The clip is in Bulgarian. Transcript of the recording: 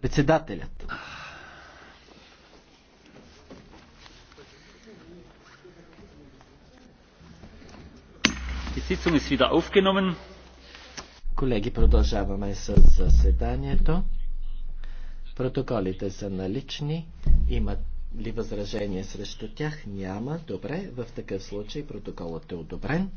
Председателят. Колеги, продължаваме с заседанието. Протоколите са налични, имат ли възражение срещу тях? Няма. Добре, в такъв случай протоколът е одобрен.